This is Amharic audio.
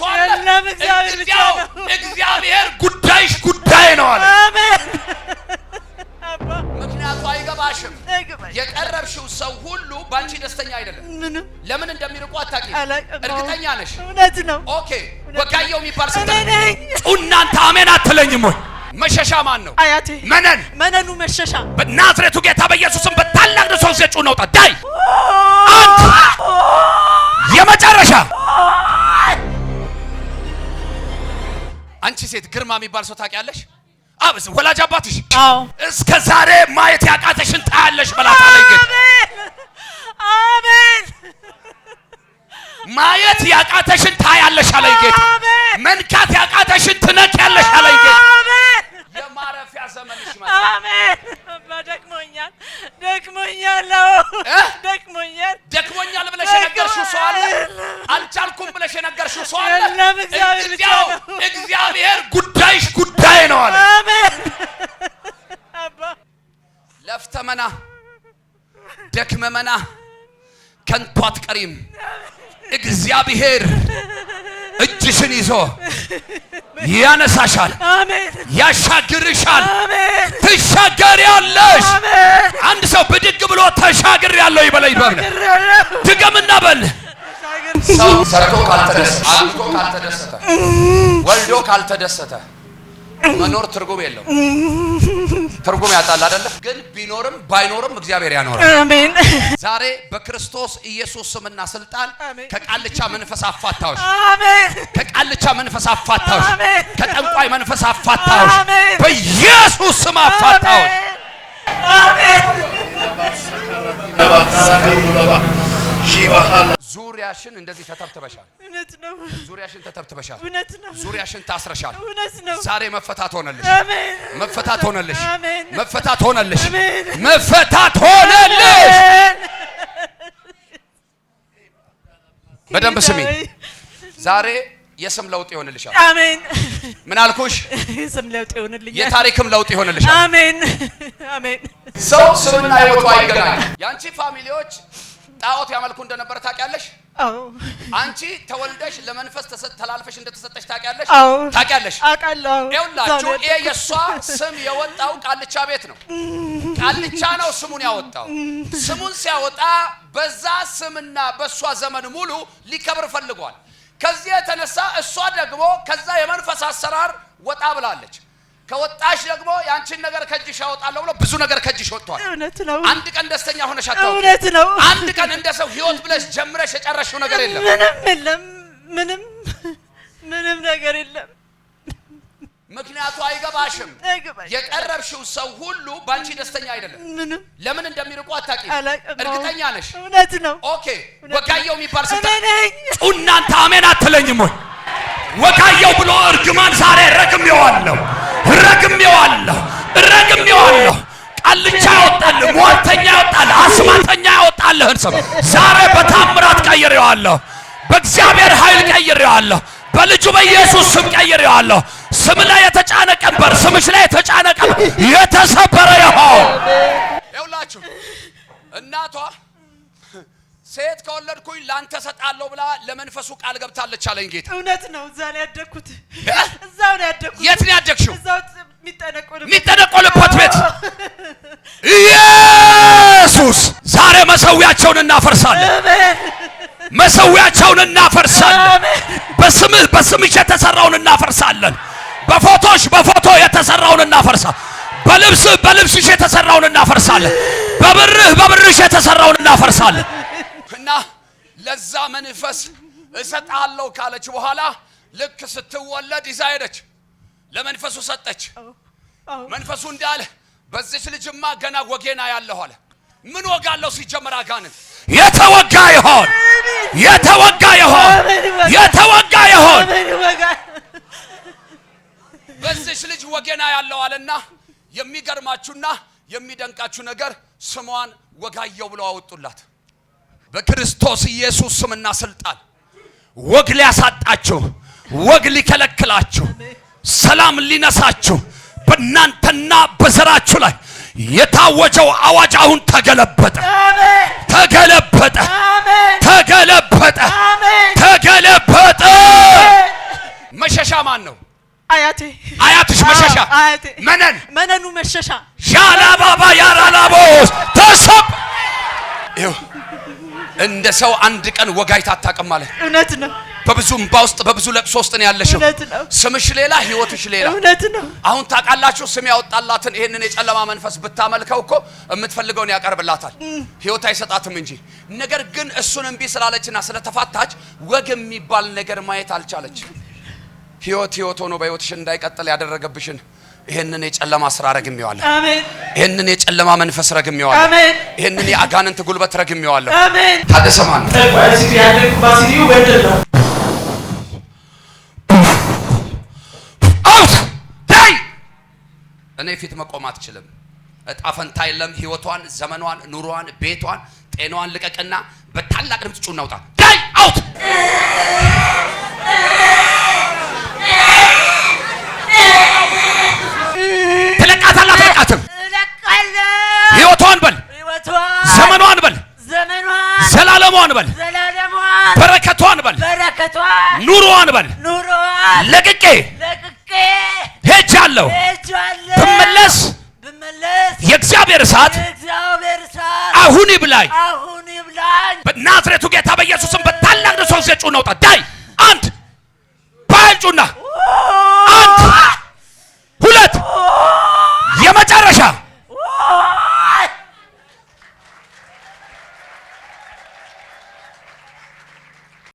ሰው እግዚአብሔር ጉዳይሽ ጉዳይ ነው አለ። ምክንያቱ አይገባሽም። የቀረብሽው ሰው ሁሉ በአንቺ ደስተኛ አይደለም። ለምን እንደሚርቁ አታውቂም። እርግጠኛ ነሽ? እውነት ነው። ኦኬ ወጋየው የሚባል እናንተ አሜን አትለኝም ወይ? መሸሻ ማን ነው? አያቴ መነን መነኑ መሸሻ በናዝሬቱ ጌታ በኢየሱስም በታላቅ ሰው ዘጩ ነው ጣዳይ አንተ የመጨረሻ አንቺ ሴት ግርማ የሚባል ሰው ታውቂያለሽ? አብስ ወላጅ አባትሽ እስከ ዛሬ ማየት ያቃተሽን ታያለሽ በላት አለኝ። አሜን። ማየት ያቃተሽን ታያለሽ አለኝ ጌታ። መንካት ያቃተሽን ትነኪያለሽ አለኝ ጌታ። የማረፊያ ዘመንሽ ማለት አሜን። ደክሞኛል፣ ደክሞኛል፣ ደክሞኛል፣ ደክሞኛል ብለ ሰው አለ? አልቻልኩም ብለሽ የነገርሽው ሰዋል አለ? እግዚአብሔር ጉዳይሽ ጉዳይ ነው አለ። ለፍተመና ደክመመና ከንቱ አትቀሪም። እግዚአብሔር እጅሽን ይዞ ያነሳሻል፣ ያሻግርሻል፣ ትሻገሪያለሽ። አንድ ሰው ብድግ ብሎ ተሻግሬያለሁ ይበለኝ በእምነት ሰው ሰርቶ ካልተደሰተ፣ አግብቶ ካልተደሰተ፣ ወልዶ ካልተደሰተ መኖር ትርጉም የለው። ትርጉም ያጣል አይደለ? ግን ቢኖርም ባይኖርም እግዚአብሔር ያኖራል። አሜን። ዛሬ በክርስቶስ ኢየሱስ ስምና ስልጣን ከቃልቻ መንፈስ አፋታዎች፣ ከቃልቻ መንፈስ አፋታዎች፣ ከጠንቋይ መንፈስ አፋታዎች፣ በኢየሱስ ስም አፋታዎች። አሜን። ዙሪያሽን እንደዚህ ተተብትበሻል። እውነት ነው። ዙሪያሽን ተተብትበሻል። እውነት ነው። ዙሪያሽን ታስረሻል። እውነት ነው። ዛሬ መፈታት ሆነልሽ። አሜን። መፈታት ሆነልሽ። አሜን። መፈታት ሆነልሽ። አሜን። መፈታት ሆነልሽ። በደንብ ስሚ። ዛሬ የስም ለውጥ ይሆንልሻል። አሜን። ምን አልኩሽ? የስም ለውጥ ይሆንልኛል። የታሪክም ለውጥ ይሆንልሻል። አሜን። አሜን። ሰው ስምና ህይወቱ አይገናኝ። ያንቺ ፋሚሊዎች ጣዖት ያመልኩ እንደነበረ ታውቂያለሽ? አዎ። አንቺ ተወልደሽ ለመንፈስ ተላልፈሽ እንደተሰጠሽ ታውቂያለሽ? አዎ። ታውቂያለሽ? ይኸውላችሁ ይሄ የእሷ ስም የወጣው ቃልቻ ቤት ነው። ቃልቻ ነው ስሙን ያወጣው። ስሙን ሲያወጣ በዛ ስምና በእሷ ዘመን ሙሉ ሊከብር ፈልጓል። ከዚህ የተነሳ እሷ ደግሞ ከዛ የመንፈስ አሰራር ወጣ ብላለች። ከወጣሽ ደግሞ ያንቺን ነገር ከእጅሽ ያወጣለሁ ብሎ ብዙ ነገር ከእጅሽ ወጥቷል። እውነት ነው። አንድ ቀን ደስተኛ ሆነሽ አታውቂ። እውነት ነው። አንድ ቀን እንደ ሰው ህይወት ብለሽ ጀምረሽ የጨረሽው ነገር የለም። ምንም የለም። ምንም ምንም ነገር የለም። ምክንያቱ አይገባሽም። የቀረብሽው ሰው ሁሉ ባንቺ ደስተኛ አይደለም። ምንም ለምን እንደሚርቁ አታውቂም። እርግጠኛ ነሽ። እውነት ነው። ኦኬ። ወጋየው የሚባል ስታ እናንተ አሜን አትለኝም ወይ? ወጋየው ብሎ እርግማን ዛሬ ረግሜዋለሁ። አወጣዋለሁ። ቃልቻ ያወጣልህ፣ ሟርተኛ ያወጣልህ፣ አስማተኛ ያወጣልህን ስም ዛሬ በታምራት ቀይሬዋለሁ። በእግዚአብሔር ኃይል ቀይሬዋለሁ። በልጁ በኢየሱስ ስም ቀይሬዋለሁ። ስም ላይ የተጫነ ቀንበር፣ ስምሽ ላይ የተጫነ ቀንበር የተሰበረ ይሁን። ይኸውላችሁ እናቷ ሴት ከወለድኩኝ ላንተ ሰጣለሁ ብላ ለመንፈሱ ቃል ገብታለች አለኝ ጌታ። እውነት ነው። እዛ ነው ያደግኩት። እዛው ነው ያደግኩት። የት ነው ያደግሽው? የሚጠነቆልበት ቤት ኢየሱስ ዛሬ መሰዊያቸውን እናፈርሳለን። መሰዊያቸውን እናፈርሳለን። በስምህ በስምሽ የተሰራውን እናፈርሳለን። በፎቶሽ በፎቶ የተሰራውን እናፈርሳለን። በልብስ በልብስሽ የተሰራውን እናፈርሳለን። በብርህ በብርሽ የተሰራውን እናፈርሳለን። እና ለዛ መንፈስ እሰጣለሁ ካለች በኋላ ልክ ስትወለድ ይዛ ሄደች። ለመንፈሱ ሰጠች። መንፈሱ እንዳለ በዚች ልጅማ ገና ወጌና ያለሁ አለ። ምን ወጋለሁ? ሲጀመር አጋንንት የተወጋ ይሆን የተወጋ ይሆን የተወጋ ይሆን። በዚች ልጅ ወጌና ያለው አለና የሚገርማችሁና የሚደንቃችሁ ነገር ስሟን ወጋየው ብለው አወጡላት። በክርስቶስ ኢየሱስ ስምና ስልጣን ወግ ሊያሳጣችሁ፣ ወግ ሊከለክላችሁ ሰላም ሊነሳችሁ በእናንተና በዘራችሁ ላይ የታወጀው አዋጅ አሁን ተገለበጠ፣ ተገለበጠ፣ ተገለበጠ፣ ተገለበጠ። መሸሻ ማን ነው? አያቴ አያትሽ መሸሻ መነን መነኑ መሸሻ ሻላባባ ያራላቦስ ተሰብ እንደ ሰው አንድ ቀን ወጋይታ አታውቅም ማለት እውነት ነው። በብዙ እምባ ውስጥ በብዙ ለቅሶ ውስጥ ነው ያለሽው። ስምሽ ሌላ፣ ህይወትሽ ሌላ። እውነት ነው። አሁን ታውቃላችሁ፣ ስም ያወጣላትን ይህንን የጨለማ መንፈስ ብታመልከው እኮ የምትፈልገውን ያቀርብላታል፣ ህይወት አይሰጣትም እንጂ። ነገር ግን እሱን እምቢ ስላለችና ስለተፋታች ወግ የሚባል ነገር ማየት አልቻለች። ህይወት ህይወት ሆኖ በህይወትሽ እንዳይቀጥል ያደረገብሽን ይህንን የጨለማ ስራ ረግሜዋለሁ። ይህንን የጨለማ መንፈስ ረግሜዋለሁ። ይህንን የአጋንንት ጉልበት ረግሜዋለሁ። ታደሰማን እኔ ፊት መቆም አትችልም። እጣ ፈንታ የለም። ህይወቷን፣ ዘመኗን፣ ኑሯን፣ ቤቷን፣ ጤናዋን ልቀቅና በታላቅ ድምፅ ጩና ውጣ ዳይ አውት አትለቃትም። ህይወቷን በል ዘመኗን በል ዘላለሟን በል በረከቷን በል ኑሮዋን በል ለቅቄ ሄጃለሁ። ብመለስ የእግዚአብሔር እሳት አሁን ይብላኝ። በናዝሬቱ ጌታ በኢየሱስም በታላቅ ደሶ ዜ ጩ ነውጣ ዳይ አንድ ባይል ጩና